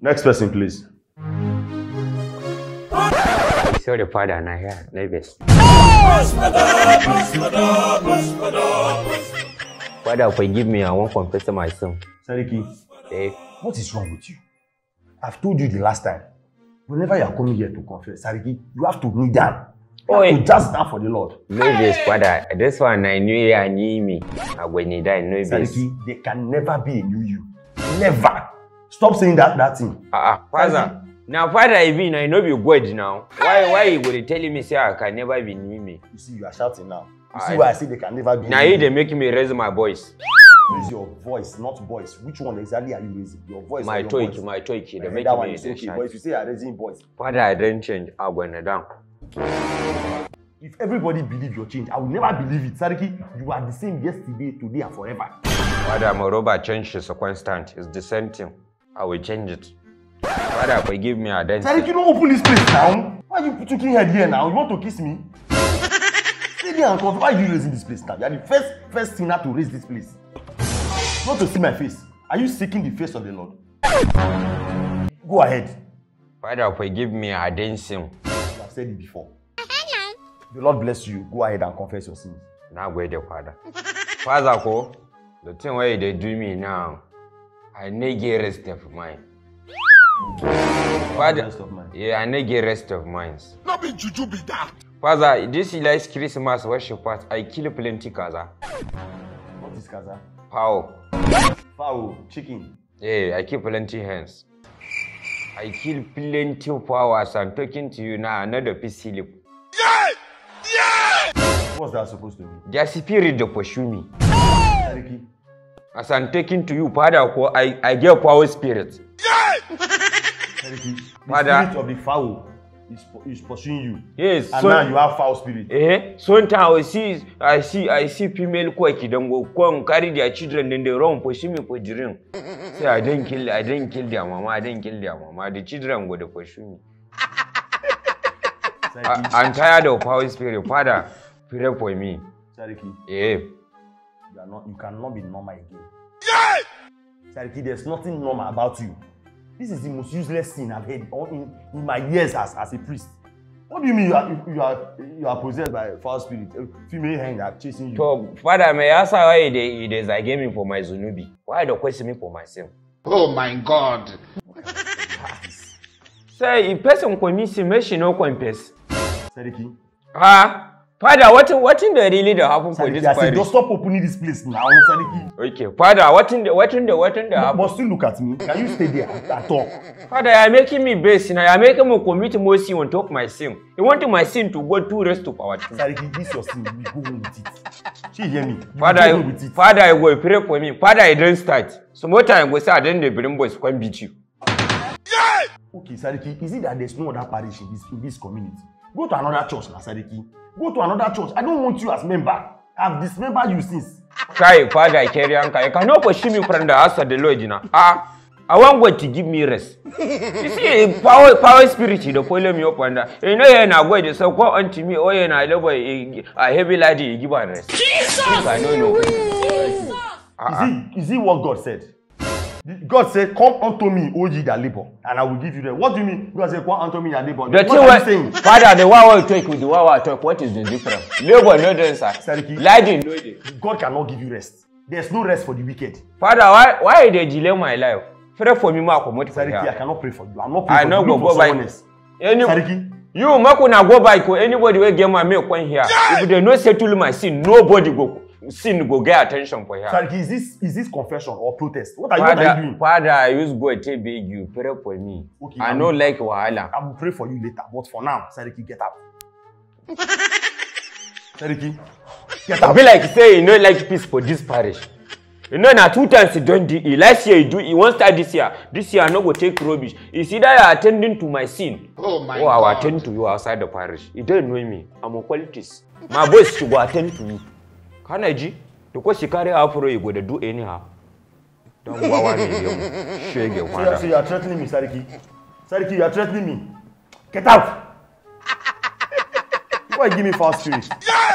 Next person, please. Sorry, father, I'm here, nervous. Father, forgive me, I won't confess to my Sariki, hey, eh? what is wrong with you? I've told you the last time. Whenever you are coming here to confess, Sariki, you have to kneel down. Oh, to just stand for the Lord. Nervous, father. This one, I knew you, I knew me. And when you die, nervous. Sariki, there can never be a new you. Never stop saying that that thing. ah uh, father na father i know you e no now why why you go dey me say ah, i can never be me. you see you are shouting now you I ah, see why i say they can never be. Now, you dey make me raise my voice. Raise your voice, not voice. Which one exactly are you raising? Your voice. My toy, my toy. They eh, make that raise is okay, but if you say i are raising voice. Father, I did not change. I went down. If everybody believe your change, I will never believe it. Sariki, you are the same yesterday, today, and forever. Father, moreover, change is a constant. It's the same thing. I will change it. Father, forgive me, I didn't. you don't open this place now. Why are you putting head here now? You want to kiss me? Stay there and cause. Why are you raising this place now? You are the first first sinner to raise this place. Not to see my face. Are you seeking the face of the Lord? Go ahead. Father, forgive me, I didn't You have said it before. The Lord bless you. Go ahead and confess your sins. Now, where the Father? Father, go. The thing where they do me now. I need get rest of mine. Father, rest of mind. yeah, I need get rest of minds. Not be juju be that. Father, this is last Christmas worship part, I kill plenty kaza. What is kaza? Fowl. Fowl, chicken. Yeah, I keep plenty hens. I kill plenty of hours. I'm talking to you now, another piece silly. Yeah! Yeah! What's that supposed to mean? Their spirit of pursue me. as I'm taking to you, Father, I, I give power spirit. Yes! Father, the spirit of the foul is, is pursuing you. Yes. And so, now you have foul spirit. Eh? So in time I see, I see, I see female quacky. Them go come carry their children, then they run pursue me for the room. Say I didn't kill, I didn't kill their mama, I didn't kill their mama. The children go to pursue me. I'm tired of power spirit. Father, pray for me. Sariki. Eh. Yeah. you are not you cannot be normal again. Yeah! Sariki, there's nothing normal about you. This is the most useless thing I've heard in, in my years as, as a priest. What do you mean you are you are you are possessed by foul spirit? Female hand are chasing you. So, Father, may I ask why you dey you dey zage me for my zunubi? Why you dey question me for myself? Oh my God! Say, if person commit sin, may she no confess. Sariki. Ah. Father, what what in the really the happen for this I don't stop opening this place now, Sadiki. Okay, Father, what in the what in the what in the happen? Must you look at me? Can you stay there and talk? Father, you're making me base, you know, you're making me commit more sin on top of my sin. You want my sin to go to rest of our sin. Sariki, this your sin, we go home with it. She hear me? Father, I, with it. Father, you go pray for me. Father, I don't start. So more time go say I don't the bring boys come beat you. Yeah! Okay, Sariki, is it that there's no other parish in this in this community? go to another church na Sadiki go to another church I don't want you as member I've dismembered you since. Kai father carry am kai can no pursue me from the house of the Lord na. Ah I wan God to give me rest. You see power power spirit dey follow me up and down. You know here na God dey so go unto me oh here na labor a heavy lady give am rest. Jesus! I no Is it is it what God said? God said, Come unto me, O ye that labor, and I will give you rest. What do you mean? God said, Come unto me that labor. The what saying? Father, the one we talk with the one we talk, what is the difference? labor, no answer. Seriki, Lying, no day. God cannot give you rest. There's no rest for the wicked. Father, why why they delay my life? Pray for me, ma comot Sariki, I cannot pray for you. I'm not praying I for, not go, for someone by. else. Any, Seriki, you make go by anybody wey get my milk when here. Yeah! If they no settle my sin, nobody go sin go get attention for here. Sarki, is this is this confession or protest? What are father, you, what are you doing? Father, I use God take beg you, pray for me. Okay, I no like wahala. I will pray for you later, but for now, Sarki, get up. Sarki, get up. Be like say you no like peace for this parish. You know, na two times he don do it. Last year he do it. One start this year. This year I no go take rubbish. It's either you are attending to my sin oh my Oh, God. I will attend to you outside the parish. You don't annoy me. I'm a qualities. My boys should go attend to you kana ji da ko si kare afro you go do anyhow don wawa ne yau shege kwana so you are threatening me sarki sarki you are threatening me get out why give me fast spirit